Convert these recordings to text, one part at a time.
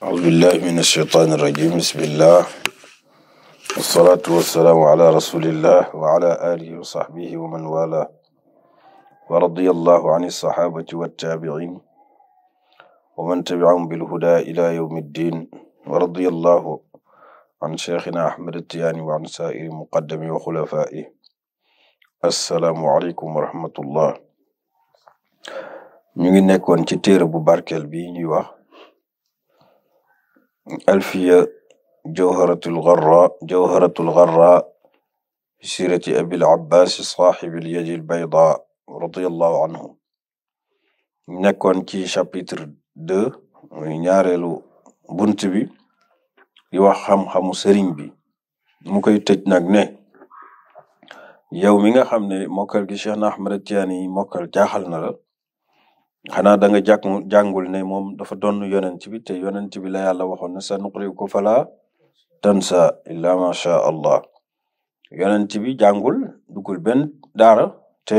أعوذ بالله من الشيطان الرجيم بسم الله والصلاة والسلام على رسول الله وعلى آله وصحبه ومن والاه ورضي الله عن الصحابة والتابعين ومن تبعهم بالهدى إلى يوم الدين ورضي الله عن شيخنا أحمد التياني وعن سائر مقدمي وخلفائه السلام عليكم ورحمة الله ñu ngi nekkoon ci téere bu barkeel bi ñuy wax alfiya jawharatul gharra jawharatul gharra fi siirati abil abbas saaxibil yadil bayda radiyallahu anhu nekkoon ci chapitre deux muy ñaareelu bunt bi di wax xam-xamu sëriñ bi mu koy tëj nag ne yow mi nga xam ne mokkal gi Cheikh na Ahmad Tijaani mokkal jaaxal na la xanaa da nga jàng ne moom dafa doon yonent bi te yonent bi la yàlla waxoon ne sa nuqri'uka falaa sa illaa ma sha allah yonent bi jàngul dugul benn daara te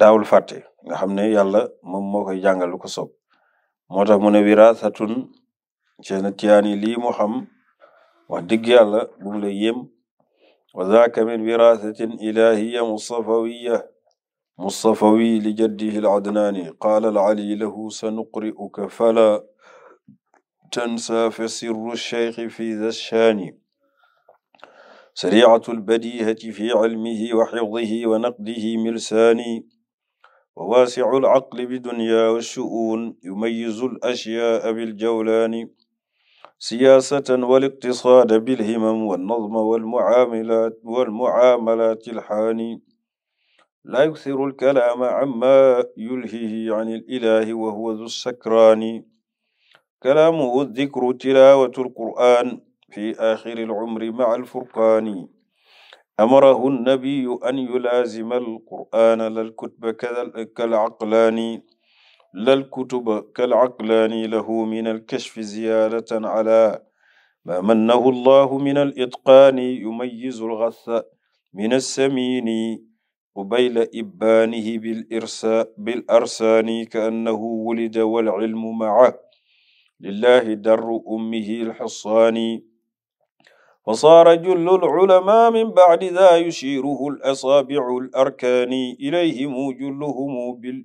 daawul fàtte nga xam ne yàlla moom moo koy jàngal lu ko soob moo tax mu ne wiraasatun seen tiyaani lii mu xam wax dëgg yàlla bu mu la wa zaaka min wiraasatin ilahiya mustafawiya mustafawi li jaddihi al-adnaani qaala al-ali lahu sanuqri'uka falaa tansaa fa sirru ash-shaykhi fi dhaa ash-shaani sariicatu al-badiihati fi cilmihi wa xifdihi wa naqdihi milsaani wa waasicu al-caqli bidunyaa wash-shu'uun yumayyizu al-ashyaa'a bil-jawlaani siyaasatan wal-iqtisaada bil-himam wan-nadma wal-mucaamalaat wal-mucaamalaat al-xaani laa yuksiru alkalaama amma yulhihi an alilahi wa huwa zu sakraani kalaamuhu dikru tilaawatu alqur'aan fi aaxiri alcumri maca alfurqaani amarahu annabiyu an yulaazima alqur'aana lalkutba kalcaqlaani lalkutuba kalcaqlaani lahu min alkashfi ziyaadatan cala maa mannahu allahu min alitqaani yumayyizu algassa min assamiini qubayla ibbaanihi bil irsa bil arsaani kaannahu wulida wal ilmu maca lillahi darru ummihi lxissaani fasaara jullu lculama min bacdi daa yushiiruhu lasaabicu larkaani ilayhimu julluhumu bil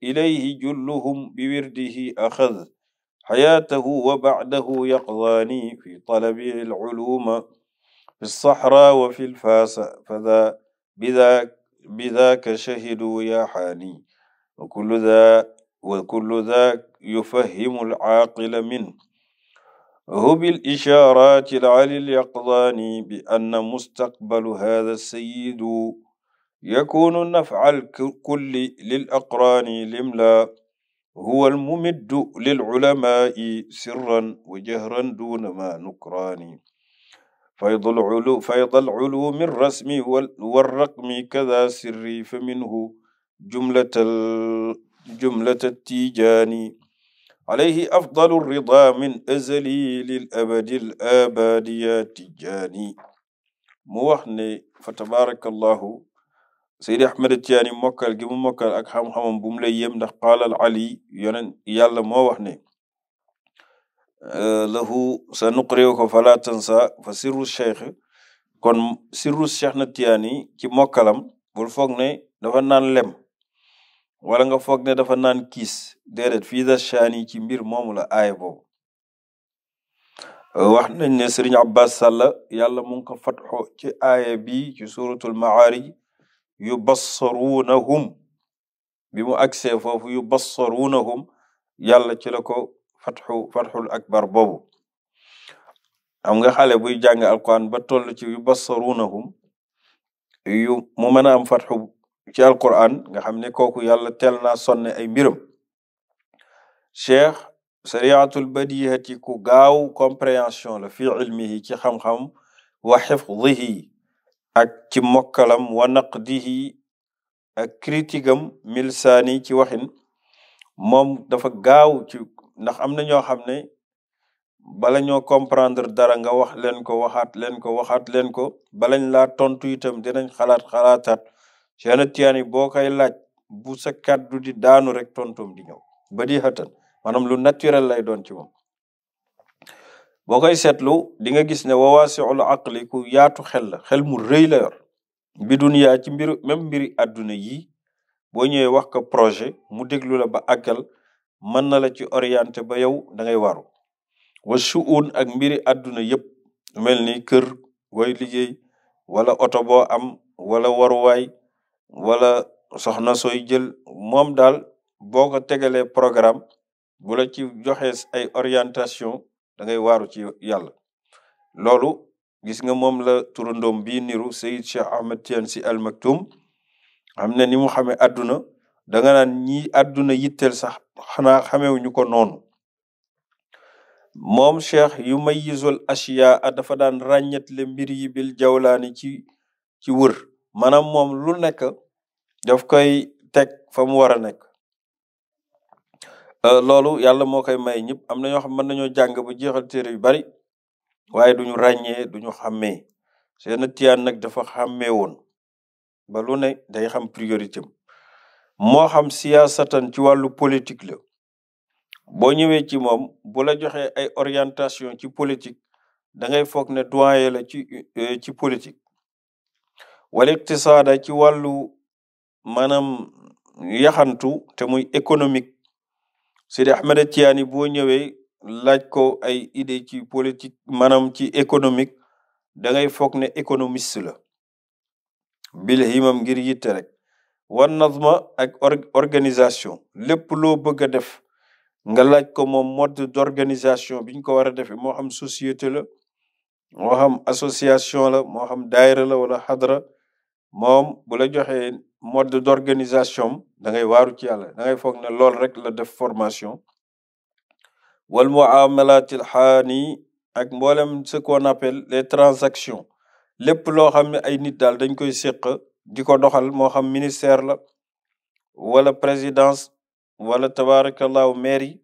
ilayhi julluhum biwirdihi axad xayaatahu wa bacdahu yaqdaani fi talabi lculuuma fi lsaxra wa fi lfaasa fadaa bidaa بذاك شهدوا يا حاني وكل ذا وكل ذا يفهم العاقل منه هو بالإشارات العلي اليقظان بأن مستقبل هذا السيد يكون نفع الكل للأقران الإملاء هو الممد للعلماء سرا وجهرا دون ما نكران faydul ulu faydal ulumi rasmi warraqmi kada sirri fa minhu jumlatal jumlatat tijaani alayhi afdalu rida min azali lil abadil abadiya tijaani mu wax ne fa tabaarakallahu Seydi Ahmed Tijaani mokkal gi mu mokkal ak xam-xamam bu mu lay yem ndax qaala al ali yonen yàlla moo wax ne Euh, lahu sa nuqriuka fala tansa fa sirru cheikh kon sirru cheikh na tiyaani ci mokalam bul foog ne dafa naan lem wala nga foog ne dafa naan kiis déedéet fii da ci mbir moomu la aaya boobu euh, wax nañ ne sëriñ abbas sàlla yàlla mu ngi ko fatxo ci aaya bi ci suratul maarij yu bassaruunahum bi mu agsee foofu yu wuna bassaruunahum yàlla ci la ko fatxu fatxul akbar boobu am nga xale buy jàng alquran ba toll ci yu bassarunahum yu mu mën fatxu ci alquran nga xam ne kooku yàlla teel naa sonne ay mbiram cheikh sariatul badihati ku gaaw compréhension la fi ilmihi ci xam-xam wa xifdihi ak ci mokkalam wa naqdihi ak critiqueam milsaani ci waxin moom dafa gaaw ci ndax am na ñoo xam ne bala ñoo comprendre dara nga wax leen ko waxaat leen ko waxaat leen ko balañ laa tontu itam dinañ xalaat xalaataat Cheikh Tidiane boo koy laaj bu sa kàddu di daanu rek tontum di ñëw ba di xëtan lu naturel lay doon ci moom boo koy seetlu di nga gis ne wawaasiul aqli ku yaatu xel la xel mu rëy la yor bi duniyaa ci mbiru même mbiri àdduna yi boo ñëwee wax ko projet mu déglu la ba àggal mën na la ci orienté ba yow da ngay waru wa suun ak mbiri àdduna yëpp mel ni kër woy liggéey wala oto boo am wala waruwaay wala soxna sooy jël moom daal boo ko tegalee programme bu ci joxee ay orientation dangay ngay waaru ci yàlla loolu gis nga moom la turandoom bii niru Sayid Cheikh Ahmed Tidiane Sy Al Maktoum xam ne ni xamee àdduna danga naan ñi àdduna sax xanaa xamewuñu ko noonu moom cheikh yu mayizul ashiyaa dafa daan le mbir yibil bil jawlaani ci ci wër maanaam moom lu nekk daf koy teg fa mu war a nekk euh, loolu yàlla moo koy may ñëpp am na ñoo xam mën nañoo jàng ba jeexal téere yu bari waaye duñu ràññee duñu xàmmee seen tiyan nag dafa xàmmee woon ba lu ne day xam priorité moo xam siyaasatan ci wàllu politique la boo ñëwee ci moom bu la joxe ay orientation ci politique da ngay foog ne doyen la ci euh, ci politique wala iqtisaada ci wàllu maanaam yaxantu te muy économique Sidi Ahmed Tiyaani boo ñëwee laaj ko ay idée ci politique maanaam ci économique da ngay foog ne économiste la bil himam ngir yitte rek wan nazma ak organisation lépp loo bëgg a def nga laaj ko moom mode d'organisation bi ñu ko war a defee moo xam société la moo xam association la moo xam daayira la wala xadra moom bu joxe joxee mode d'organisation da ngay waaru ci yàlla da foog na lool rek la def formation wal muamalatil xaani ak mboolem ce qu'on appelle les transactions lépp loo xam ne ay nit daal dañ koy séq di ko doxal moo xam ministère la wala présidence wala tabarakallahu mairie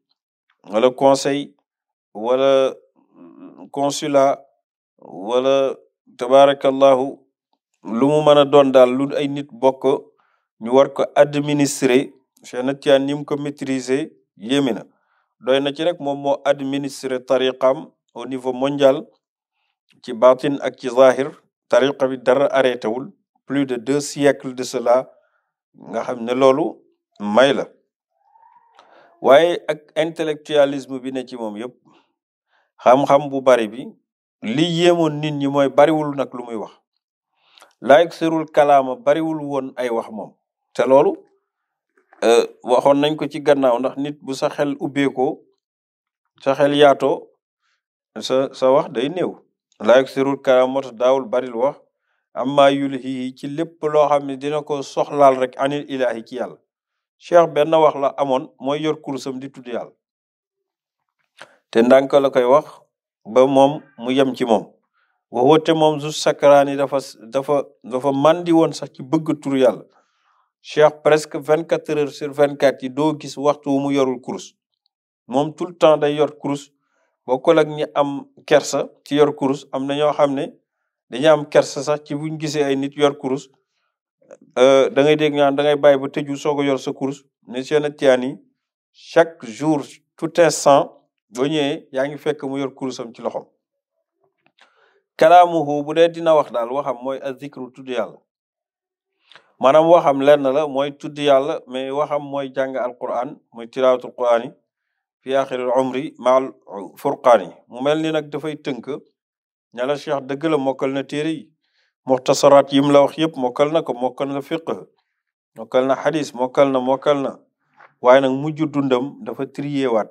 wala conseil wala mm, consulat wala tabarakallahu lu mu mën a doon daal lu ay nit bokk ñu war ko administrer Cheikh na Tijaan ni mu ko maîtriser yéemi na doy na ci rek moom moo administrer tariqam au niveau mondial ci baatin ak ci zahir tariqa bi dara arrêté wul plus de deux siècles de cela nga xam ne loolu may la waaye ak intellectualisme bi ne ci moom yëpp xam-xam bu bari bi li yéemoon nit ñi mooy bariwul nag lu muy wax laayik serul kalaama bariwul woon ay wax moom te loolu euh, waxoon nañ ko ci gannaaw ndax nit bu saxel xel ubbeekoo sa xel yaatoo sa sa wax day néew laayik serul kalaama moo tax daawul baril wax amma yulhihi ci lépp loo xam ne dina ko soxlaal rek anil ilahi ci yàlla cheikh benn wax la amoon mooy yor kursam di tudd yàlla te ndànk la koy wax ba moom mu yem ci moom waxoote moom su sakaraani dafa dafa dafa mandi woon sax ci bëgg tur yàlla cheikh presque vingt quatre heures sur vingt quatre yi doo gis waxtu mu yorul kurus moom tout le temps day yor course bokkul ak ñi am kersa ci yor course am na ñoo xam ne dañuy am kersa sax ci buñ gisee ay nit yor kurus euh, da ngay dégg naan da ngay bàyyi ba tëju soog a yor sa kurus ne seen tiyaan yi chaque jour tout instant boo ñëwee yaa ngi fekk mu yor kurusam ci loxom kalaamuhu bu dee dina wax daal waxam mooy a tudd yàlla maanaam waxam lenn la mooy tudd yàlla mais waxam mooy jàng alquran mooy tilaawatul quraan yi fi axiril umri maal furqaan mu mel ni nag dafay tënk ña la cheikh la mokkal na téere yi muxtasaraat la wax yëpp mokkal na ko mokkal na fiqh mokkal na xadis mokkal na mokal na waaye nag mujj dundam dafa trier waat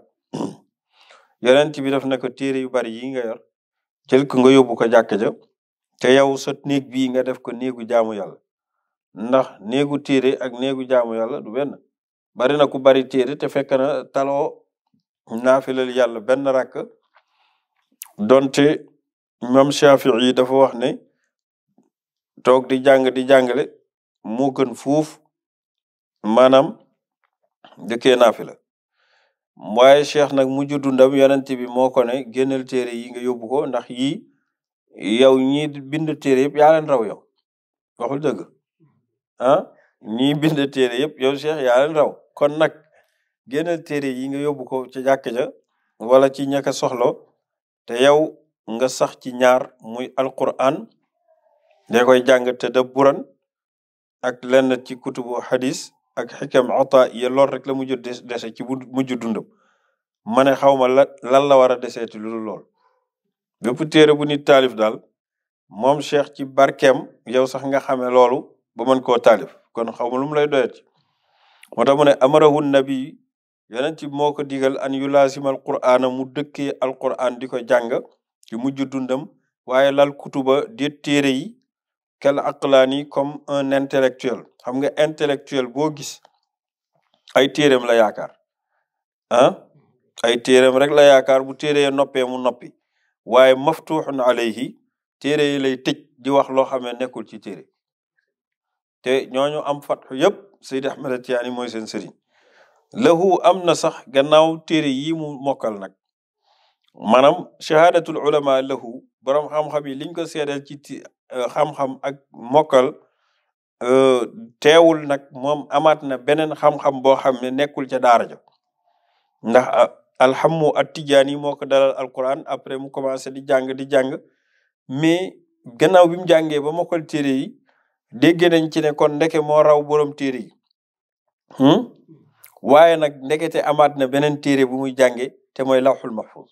yonent bi daf ne ko téere yu bari yi nga yor jël ko nga yóbbu ko jàkka ja te yow sa néeg bii nga def ko néegu jaamu yàlla ndax néegu téere ak néegu jaamu yàlla du benn bari na ku bari téere te fekk na taloo naafilal yàlla benn rakk donte imam Shafii dafa wax ne toog di jàng di jàngale moo gën fuuf maanaam dëkkee naafila waaye cheikh nag mu juddu ndam yonent bi moo ko ne génnal téere yi nga yóbbu ko ndax yii yow ñi bind téere yëpp yaa leen raw yow waxul dëgg ah ñii bind téere yëpp yow cheikh yaa raw kon nag génnal téere yi nga yóbbu ko ca jàkk ja wala ci ñaka soxlo te yow nga sax ci ñaar muy alquran de koy jàng te dabburan ak lenn ci kutubu hadis ak xikam ata ya lool rek la mujj dese ci mujj dundam ma ne xawma ma lan la war a deseeti lu lool bépp téere bu nit taalif daal moom cheikh ci barkem yow sax nga xamee loolu ba mën koo taalif kon xaw ma lu mu lay doyati moo tax mu ne amarahu nabi yonent bi moo ko digal an yu laasimal quraana mu dëkkee alquran di ko jàng ci mujj dundam waaye lal kutuba déet téere yi kel aklani comme un intellectuel xam nga intellectuel boo gis ay téereem la yaakaar ah ay téereem rek la yaakaar bu téere ya noppee mu noppi waaye maftuxun alayhi téere yi lay tëj di wax loo xam ne nekkul ci téere te ñooñu am fatxu yëpp Seydi Ahmad Tijaani mooy seen sëriñ am na sax gannaaw téere yi mu mokkal nag maanaam shahadatul ulama lahu borom xam-xam yi liñ ko seedeel ci euh, xam-xam ak mokkal euh, teewul nag moom amaat na beneen xam-xam boo xam ne nekkul ca daara ja ndax euh, alhammu attijaani moo ko dalal alquran après mu commencé di jàng di jàng mais gannaaw bi mu jàngee ba mokkal téere yi dégg nañ ci ne kon ndeke moo raw borom téere yi hmm? waaye nag ndekete amaat na beneen téere bu muy jànge te mooy ma mahfuz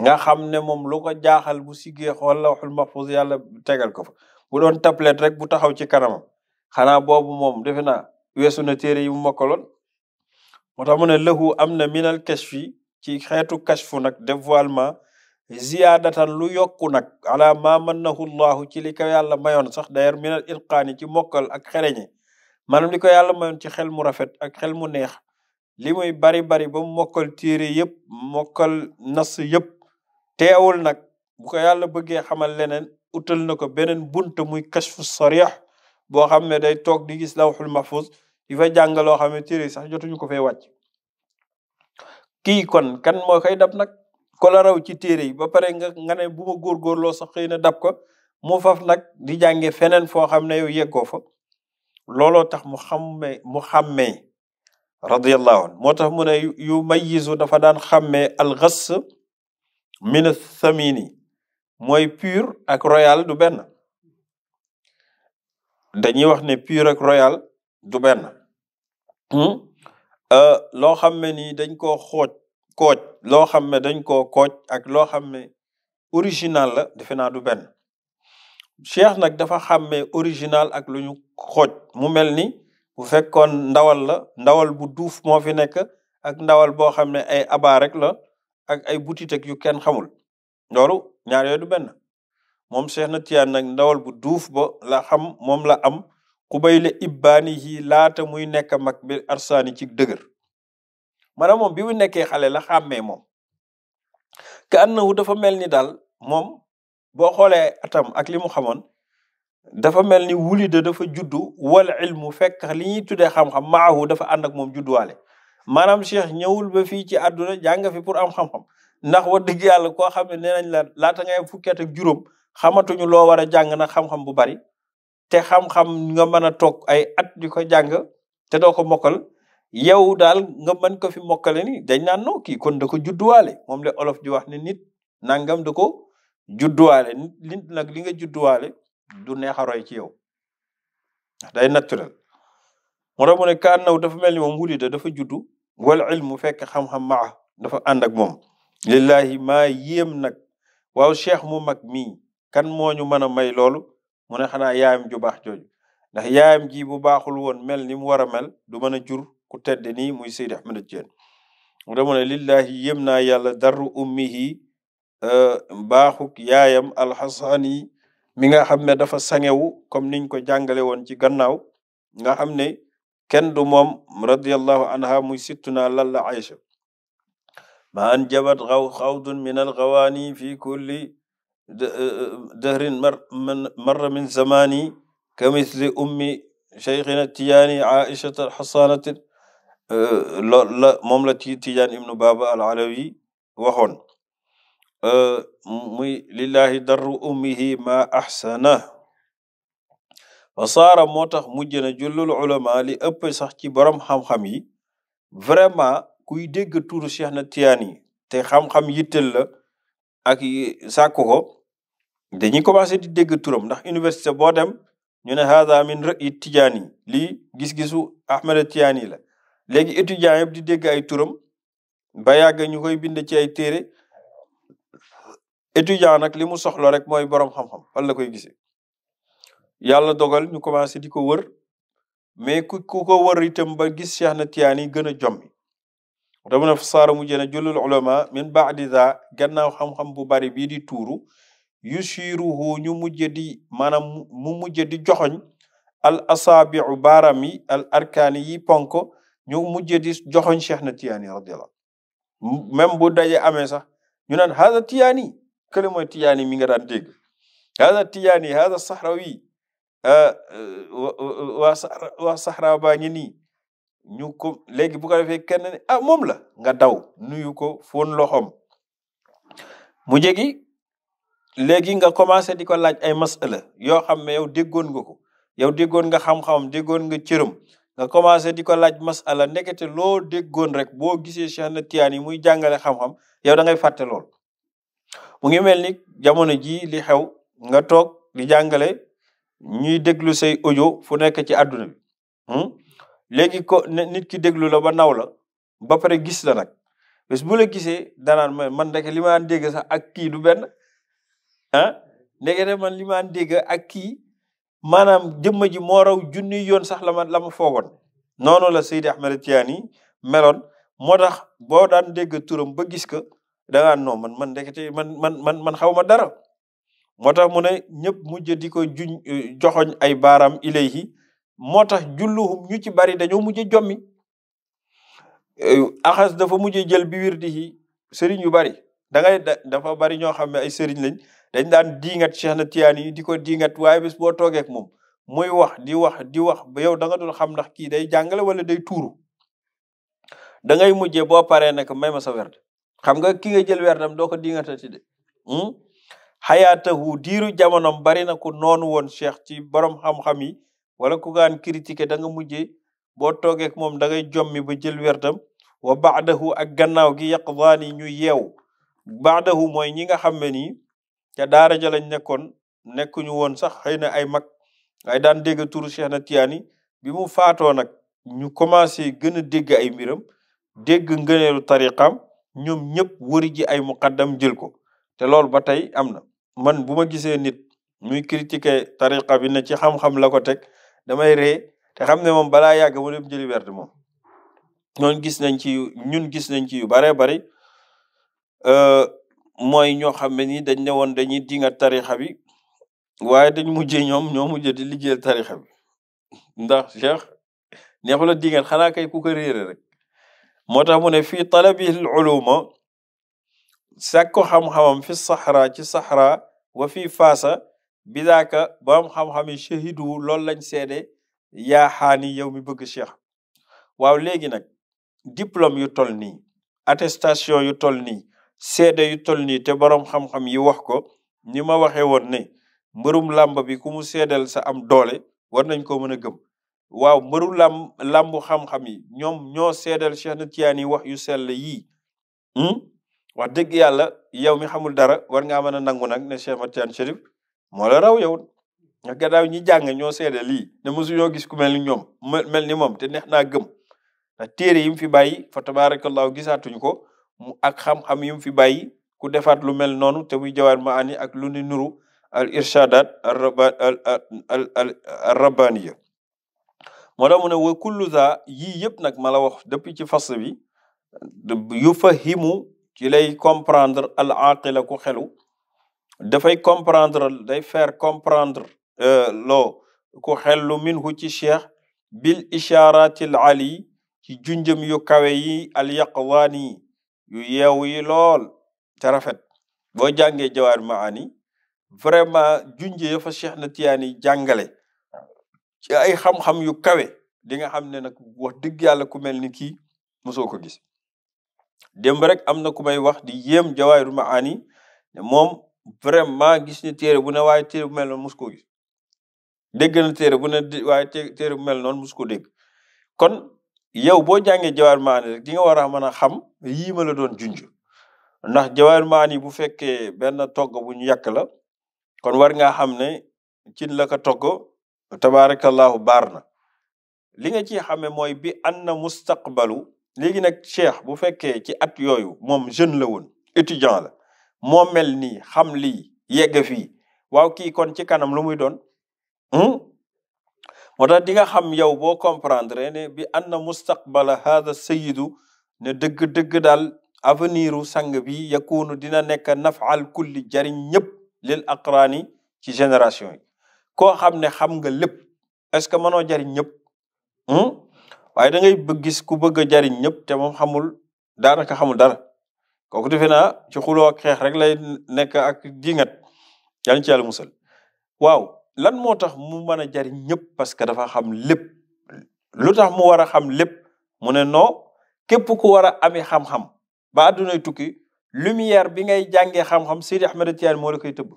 nga xam ne moom lu ko jaaxal bu siggee xool lawhul mahfuz yàlla tegal ko fa bu doon tablet rek bu taxaw ci kanamam xanaa boobu moom defe weesu na téere yi mu mokkaloon moo tax mu ne lahu am na minal kashfi ci xeetu kashfu nag dévoilement ziyaadatan lu yokku nag ala ma mannahu llahu ci li ko yàlla mayoon sax d'ailleurs minal ilqaani ci mokkal ak xereñe maanaam li ko yàlla mayoon ci xel mu rafet ak xel mu neex li muy bari bari ba mu mokkal téere yëpp mokkal nas yëpp teewul nag bu ko yàlla bëggee xamal leneen utal na ko beneen bunt muy kashfu sarih boo xam ne day toog di gis lawxul mahfuz di fa jàng loo xam ne téere sax jotuñu ko fay wàcc kii kon kan moo koy dab nag ko la ci téere yi ba pare nga nga ne bu ma góorgóorloo sax xëy na dab ko mu faf nag di jànge feneen foo xam ne yow yeggoo fa looloo tax mu xamme mu xàmmee radiallahu an moo tax mu ne yu mayisu dafa daan xàmmee alxass mine samini mooy pur ak royal du benn dañuy wax ne pur ak royal du benn hmm? euh, loo xam ne nii dañ koo xooj kooj loo xam ne dañ koo kooj ak loo xam ne original la defe naa du benn cheikh nag dafa xàmmee original ak lu ñu xooj mu mel ni bu fekkoon ndawal la ndawal bu duuf moo fi nekk ak ndawal boo xam ne ay abaa rek la ak ay boutique ak yu kenn xamul loolu ñaar du benn moom Cheikh tiyan Tijaan nag ndawal bu duuf ba la xam moom la am ku bay le ibbaani yi laata muy nekk mag bi arsaani ci dëgër maanaam moom bi mu nekkee xale la xàmmee moom ka annahu dafa mel ni daal moom boo xoolee atam ak li mu xamoon dafa mel ni wulida dafa juddu wala ilmu fekk li ñuy tuddee xam-xam maahu dafa ànd ak moom judduwaale maanaam cheikh ñëwul ba fii ci àdduna jàng fi pour am xam-xam ndax wax dëgg yàlla koo xam ne nee nañ la laata ngay fukki at ak juróom xamatuñu loo war a jàng na xam-xam bu bari te xam-xam nga mën a toog ay at di ko jàng te doo ko mokkal yow daal nga mën ko fi mokkale ni dañ naan kon da ko judduwaale moom la olof di wax ne nit nangam da ko judduwaale nit nag li nga judduwaale du neex a roy ci yow day naturel moo tax ne ka annaw dafa mel ni moom wulida dafa juddu wal ilmu fekk xam-xam maa dafa ànd ak moom lillahi maa yéem nag waaw cheikh mu mag mi kan moo ñu mën a may loolu mu ne xanaa yaayam ju baax jooju ndax yaayam ji bu baaxul woon mel ni mu war a mel du mën a jur ku tedd nii muy Seydi Ahmada Tijaan mu ne mu ne lillahi yéem naa yàlla darru ummihi euh, baaxuk yaayam alxasaani mi nga xam ne dafa sangewu comme niñ ko jàngale woon ci gannaaw nga xam ne kenn du moom radiyallahu anha muy sittuna lalla Aïcha ma an jabat xaw xawdun min alxawaani fi kulli e, e, dahrin marra min zamani ka misli ummi cheikhina tijaani aïchata alxasanati e, lool la moom la ci tijaan ibnu baaba alalawi waxoon muy lillahi darru ummihi ma axsana fa moo tax mujj na jullul ulama li ëpp sax ci borom xam-xam yi vraiment kuy dégg tuuru Cheikh na Tijaan yi te xam-xam yittel la aki sàkku ko dañuy commencé di dégg turam ndax université boo dem ñu ne haada min ra'yi Tijaan yi lii gis-gisu Ahmed Tijaan yi la léegi étudiants yëpp di dégg ay turam ba yàgg ñu koy bind ci ay téere étudiant nak li mu soxla rek mooy borom xam-xam fan la koy gisee yàlla dogal ñu commencé di ko wër mais ku ku ko wër itam ba gis Cheikh na Tijaan yi gën a jommi dama ne saara mu jëne julul ulama min baadi za gannaaw xam-xam bu bari bii di tuuru yusiruhu ñu mujje di maanaam mu mujje di joxoñ al asaabiu baaraam yi al arkaani yi ponk ñu mujje di joxoñ Cheikh na Tijaan yi radiyallahu même bu daje amee sax ñu naan haza Tijaan yi kële Tijaan yi mi nga daan dégg haza Tijaan yi haza Euh, euh, waa saxra waa saxra baa ngi nii ñu ko léegi bu ko defee kenn ne ah, moom la nga daw nuyu ko fon loxoom mu jegi léegi nga commencé di ko laaj ay masala yoo xam ne yow déggoon nga ko yow déggoon nga xam-xamam déggoon nga cëram nga commencé di ko laaj masala ndekete loo déggoon rek boo gisee Cheikh na Tijaan yi muy jàngale xam-xam yow da ngay fàtte mu ngi mel ni jamono jii li xew nga toog di jàngale ñuy déglu say ojo fu nekk ci àdduna bi hmm? léegi ko nit ki déglu la ba naw la ba pare gis la nag bés bu la gisee danaan ma man ndeke li ma daan dégg sax ak kii du benn ah ndeke man li ma daan dégg ak kii maanaam jëmma ji moo raw junni yoon sax la ma la ma foogoon noonu la Seydi Ahmed Tidiane yi meloon moo tax boo daan dégg turam ba gis ko dangaan noo man man ndekete man man man man xaw ma dara moo tax mu ne ñëpp mujj di ko juñ eh, joxoñ ay baaraam ilayhi moo tax julluhum ñu ci bari dañoo mujj jommi eh, axas dafa mujj jël bi wirdi yi sëriñ yu bari da ngay dafa bari ñoo xam ne ay sëriñ lañ dañ daan diingat Cheikh na Tiyaan yi di ko diingat waaye bis boo toogeek moom muy wax di wax di wax ba yow danga doon xam ndax kii day jàngale wala day tuuru dangay ngay mujjee boo paree nekk may ma sa werd xam nga ki nga jël werdam doo ko diingatati de hmm? xayaatahu diiru jamonom bari na ku noonu woon cheikh ci borom xam-xam yi wala ku gaan critiqué da nga boo toogeek moom dangay jommi ba jël weertam wa baadahu ak gannaaw gi yaqdaani ñu yeew baadahu mooy ñi nga xam ne nii ca daara ja nekkoon nekkuñu woon sax xëy na ay mag ay daan dégg turu Cheikh na Tiyaani bi mu faatoo nag ñu commencé gën a dégg ay mbiram dégg ngëneelu tariqam ñoom ñëpp wëri ji ay muqaddam jël ko te loolu ba tey am na man bu ma gisee nit muy critiquer tariqa bi ne ci xam-xam la ko teg damay ree te xam ne moom balaa yàgg mu dem jëli werd moom ñoon gis nañ ci ñun gis nañ ci yu baree bari euh, moy ñoo xam ne ni dañ ne woon dañuy dinga tarixa bi waaye dañ mujjee ñoom ñoo mujjee di liggéeyal tarixa bi ndax cheikh neexu la dingat xanaa kay ku rek moo tax mu ne talabil uluma sàkku xam-xamam fi saxra ci saxra wa fi fasa bidaaka borom xam-xam yi shahidu lool lañ seede yaa xaani yow mi bëgg cheikh waaw léegi nag diplôme yu tol nii attestation yu tol nii seede yu tol nii te borom xam-xam yi wax ko ni ma waxee woon ne mbërum làmb bi ku mu seedal sa am doole war nañ ko mën a gëm waaw mbëru làmb xam-xam yi ñoom ñoo seedal Cheikh na Tiyaani wax yu sell yii hmm? wax dëgg yàlla yow mi xamul dara war ngaa mën a nangu nag ne Cheikh Matian Chérif moo la raw yow nga gannaaw ñi jàng ñoo seede lii ne mosu gis ku mel ni ñoom mel ni moom te neex naa gëm ndax téere yi mu fi bàyyi fa tabaarakallaahu gisaatuñu ko mu ak xam-xam yi mu fi bàyyi ku defaat lu mel noonu te muy jawaat ma ani ak lu ni nuru al irshadat al rabbaniya moo tax mu ne wa kullu yii yëpp nag ma la wax depuis ci fas bi yufahimu ki lay comprendre al aqila ku xelu dafay comprendre day fair comprendre euh, loo ku xellu minhu ci cheikh bil isharati al ali ci junjam yu kawe yi al yaqwaani yu yeew yi lool te rafet boo jàngee jawaar maani vraiment junje fa cheikh na tiyaani jàngale ay xam-xam yu kawe di nga xam ne nag wax dëgg yàlla ku mel ni kii mosoo gis démb rek am na ku may wax di yéem jawaahirul maani ne moom vraiment gis ne téere bu ne waaye téere bu mel noonu téere bu ne waaye téere bu mel noonu mosu ko dégg kon yow boo jàngee jawaahirul maani rek di nga war a mën a xam yii ma la doon junj ndax jawaahirul maani bu fekkee benn togg bu ñu yàq la kon war ngaa xam ne cin la ko togg tabaarakallahu baar na li nga ci xame mooy bi anna mustaqbalu léegi nag cheikh bu fekkee ci at yooyu moom jeune la woon étudiant la moo mel nii xam li yegg fi waaw kii kon ci kanam lu muy doon hmm? moo tax di nga xam yow boo comprendre ne bi anna mustaqbala hada sayidu ne dëgg-dëgg daal avenir u sang bi yakunu dina nekk nafal kulli jariñ ñëpp lil aqraani ci génération yi koo xam ne xam nga lépp est ce que mënoo jariñ ñëpp hmm? waaye da ngay bëgg gis ku bëgg a jariñ ñëpp te moom xamul ka xamul dara kooku defe naa ci xuloo ak xeex rek lay nekk ak dingat yàlla ci yàlla musal waaw lan moo tax mu mën a jariñ ñëpp parce que dafa xam lépp lu tax mu war a xam lépp mu ne non képp ku war a amee xam-xam ba àddunay tukki lumière bi ngay jàngee xam-xam Sidi Ahmed Tidiane moo la koy tëbb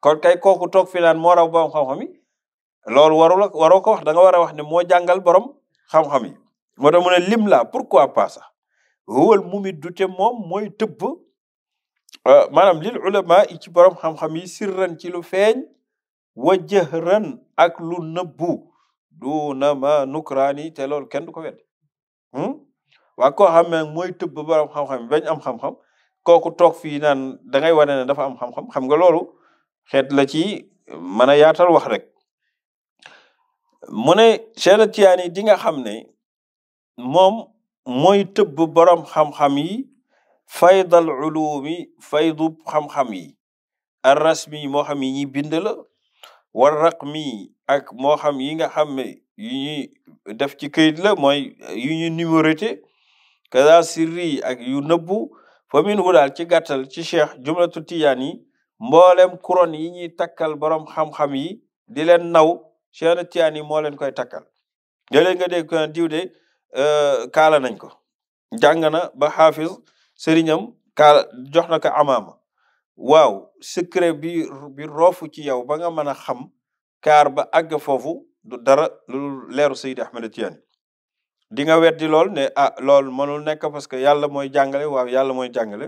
ko kay kooku toog fi naan moo raw borom xam-xam yi loolu warul waroo ko wax da nga war a wax ne moo jàngal borom xam-xam yi moo tax mu ne lim laa pourquoi pas sax wowal mumit du te moom mooy tëbb euh, maanaam lil ulama yi ci borom xam-xam yi sirran ci lu feeñ wa jëhran ak lu nëbbu duuna ma nukraani te loolu kenn du ko wedde hmm? waa koo xam ne mooy tëbb borom xam-xam yi bañ am xam kooku toog fii naan da ngay wane ne dafa am xam-xam xam nga loolu xeet la ci mën a yaatal wax rek mu ne Cheikh Tiyaani di nga xam ne moom mooy tëbb borom xam-xam yi faydal ulumi faydub xam-xam yi ar rasmi moo xam yi ñuy bind la war raqmi ak moo xam yi nga xam ne yu ñuy def ci këyit la mooy yu ñuy numéroté kaza sirri ak yu nëbbu fa min hu daal ci gàttal ci cheikh jumlatu tijaan yi mboolem couronne yi ñuy takkal borom xam-xam yi di leen naw Cheikh na Tiyaani moo leen koy takkal léeg-léeg nga dégg ko de euh, kaala nañ ko jàng na ba xaafis sëriñam kaala jox na ko amaama waaw secret bi rofu ci yow ba nga mën a xam kaar ba àgg foofu du dara lu leeru Seydi Ahmed Tiyaani di nga weddi lool ne ah loolu mënul nekk parce que yàlla mooy jàngale waaw yàlla mooy jàngale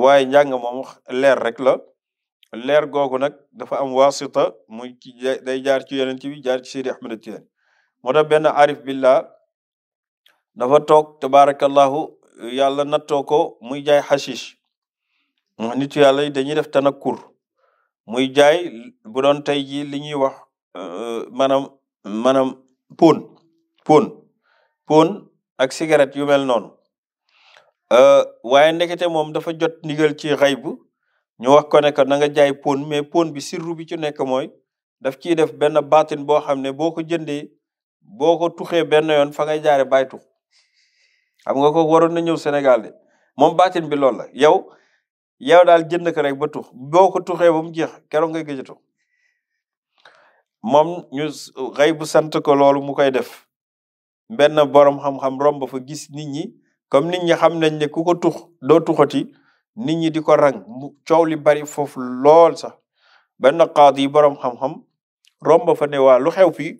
waaye njàng moom leer rek la leer googu nag dafa am wasita muy ci day jaar ci yonent bi jaar ci Seydi Ahmad Tijaani moo tax benn arif billah dafa toog tabarakallahu yàlla nattoo ko muy jaay xashish wax nitu yàlla yi dañuy def tanakkur muy jaay bu doon tey ji li ñuy wax euh, maanaam maanaam pon pun pon ak cigarette yu mel noonu euh, waaye ndekete moom dafa jot ndigal ci xayb ñu wax ko ne que na nga jaay pon mais pon bi sirru bi ci nekk mooy daf ciy def benn baatin boo xam ne boo ko jëndee boo ko tuxee benn yoon fa ngay jaare bàyyi tux xam nga ko waroon na ñëw Sénégal de moom baatin bi loolu la yow yow daal jënd ko rek ba tux boo ko tuxee ba mu jeex keroog ngay gëj a tux moom ñu xëy bu sant ko loolu mu koy def benn borom xam-xam romb fa gis nit ñi comme nit ñi xam nañ ne ku ko tux doo tuxati nit ñi di ko rang coow li bari foofu lool sax benn qaadi yi boroom xam-xam romb fa ne waa lu xew fii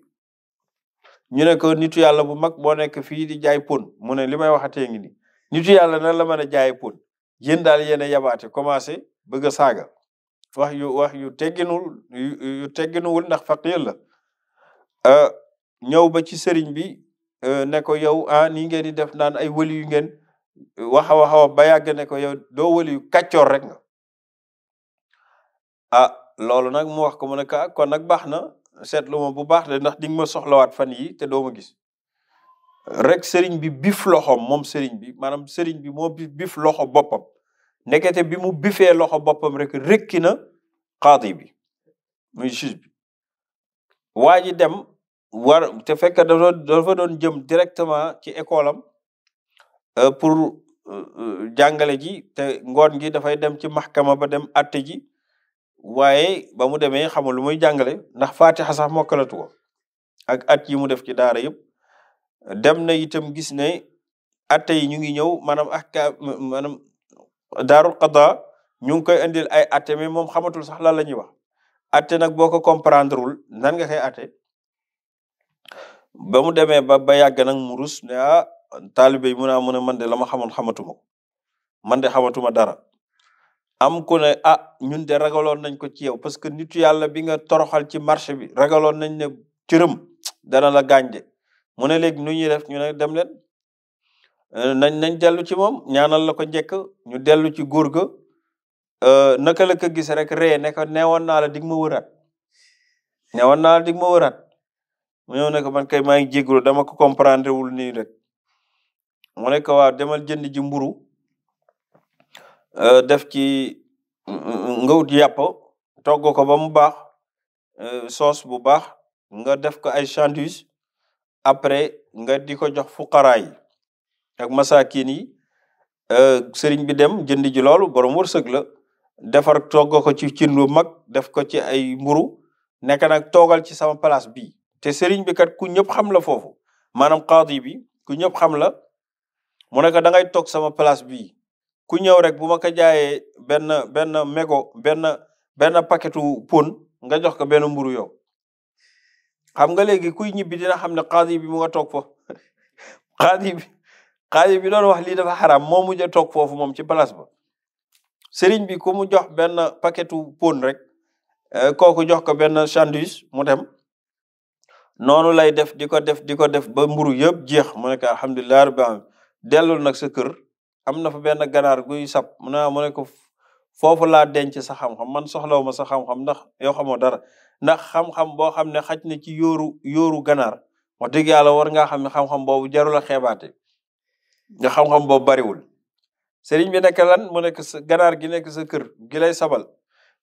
ñu ne ko nitu yàlla bu mag boo nekk fii di jaay pon mu ne li may waxatee ngi ni nitu yàlla na la mën a jaay pon yéen daal yéen a yabaate commencé bëgg saaga wax yu wax yu tegginuwul yu tegginuwul ndax faqir la euh, ñëw ba ci sëriñ bi euh, ne ko yow ah nii ngeen di def naan ay wëli yu ngeen wax a wax a wax ba yàgg ne ko yow doo waliyu rek nga ah loolu nag mu wax ko mu ne ko ah, kon nag baax na seetlu bu baax de ndax di nga ma soxlawaat fan yi te doo ma gis rek sëriñ bi bif loxoom moom sëriñ bi maanaam sëriñ bi moo bif loxo boppam ndekete bi mu bifee loxo boppam rek rëkki na xaadi bi muy juge bi waa ji dem war te fekk dafa doon jëm directement ci école am Euh, pour euh, euh, jàngale ji te ngoon gi dafay dem ci maxkama ba dem atte ji waaye ba mu demee xamul lu muy jàngale ndax fatixa sax mokkalatu ko ak at yi mu def ci daara yëpp dem na itam gis ne atte yi ñu ngi ñëw maanaam ahkaam maanaam daarul qada ñu ngi koy indil ay atte mais moom xamatul sax lan la ñuy wax atte nag boo ko comprendre wul nan nga koy atte ba mu demee ba ba yàgg nag mu ne ah taalibe yi mu naa ah, mu ne man de la ma xamoon xamatuma ko de xamatuma dara am ku ne ah, ñun de ragaloon nañ ko ci yow parce que nitu yàlla bi nga toroxal ci marché bi ragaloon nañ ne cërëm dana la gaañde mu ne léegi nu ñuy def ñu ne dem leen euh, nañ nañ dellu ci moom ñaanal la ko njëkk ñu dellu ci góor ga euh, naka la ko gis rek ree ne ko neewoon naa la dig ma wëraat neewoon naa la dig ma wëraat mu ñëw ne ko man kay maa ngi jégalu dama ko comprendre wul nii rek mu ne ko waaw demal jënd ji mburu euh, def ci nga wut yàpp togg ko ba mu baax euh, soos bu baax nga def ko ay sandwich après nga di ko jox fuqaraa yi ak masaakin yi euh, sëriñ bi dem jënd ji loolu borom wërsëg la defar togg ko ci cin lu mag def ko ci ay mburu nekk nag toogal ci sama place bi te sëriñ bi kat ku ñëpp xam la foofu maanaam qaadi bi ku ñëpp xam la mu ne ko da ngay toog sama palace bi ku ñëw rek bu ma ko jaayee benn benn mégo benn benn paquetu pon nga jox ko benn mburu yow xam nga léegi kuy ñibbi dina xam ne xaadi bi mu nga toog foofu xaadi bi xaadi bi doon wax lii dafa xaram moo mu a toog foofu moom ci place ba sëriñ bi ku mu jox benn paketu pon rek eh, kooku jox ko benn sandwich mu dem noonu lay def di ko def di ko def ba mburu yëpp jeex mu nekk alhamdulilah rabbi dellul nag sa kër am na fa benn ganaar guy sab mu ne mu ne ko foofu laa denc sa xam-xam man soxlaw ma sa xam-xam ndax yoo xamo dara ndax xam-xam boo xam ne xaj na ci yóoru yóoru ganaar wax dëgg yàlla war ngaa xam ne xam-xam boobu jarul a xeebaate nga xam-xam boobu bariwul sëriñ bi nekk lan mu nekk sa ganaar gi nekk sa kër gi lay sabal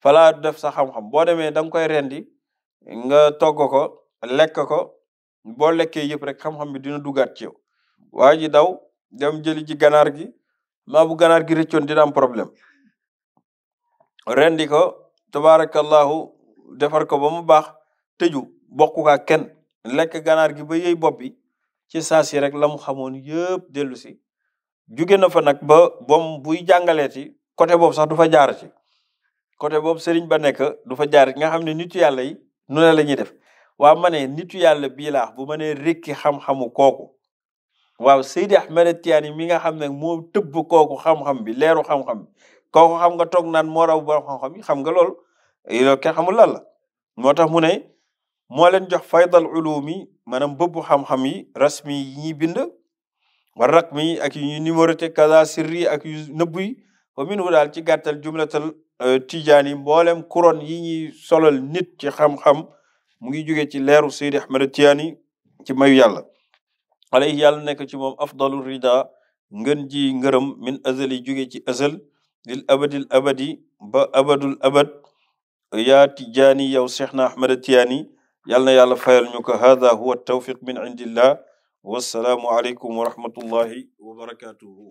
falaa def sa xam-xam boo demee da koy rendi nga togg ko lekk ko boo lekkee yëpp rek xam-xam bi dina dugaat ci yow waa dem jëli ji ganaar gi maa bu ganaar gi rëccoon dina am problème rendi ko tabaarakallahu defar ko ba mu baax tëju bokku kaa kenn lekk ganaar gi ba yëy bopp bi ci saa si rek la mu xamoon yëpp dellu si jóge na fa nag ba bom buy jàngaleeti côté boobu sax du fa jaar ci côté boobu sëriñ ba nekk du fa jaar nga xam ne nitu yàlla yi nu ne la ñuy def waa ma ne nitu yàlla bii bu ma nee rekki xam-xamu kooku waaw Seydi Ahmed Tidiane mi nga xam ne moo tëbb kooku xam-xam bi leeru xam-xam bi xam nga toog naan moo raw borom xam-xam yi xam nga loolu yow kenn xamul lan la moo tax mu ne moo leen jox faydal ulumi maanaam bëbbu xam-xam yi rasmi yi ñuy bind war raqmi yi ak yu ñuy numéroté kaza ak yu nëbb yi fa minhu daal ci gàttal jumlatal euh, tijaan yi mboolem couronne yi ñuy solal nit ci xam-xam mu ngi jóge ci leeru Seydi Ahmed Tidiane ci mayu yàlla alayhi yàlla nekk ci moom afdalu rida ngën ji ngërëm min azali jóge ci azal lil abadil abadi ba abadul abad yaa tijaani yow cheikhna ahmada tiyaani yàlla na yàlla fayal ñu ko hada huwa tawfiq min indillah wassalaamu aleykum wa rahmatullahi wa barakatuhu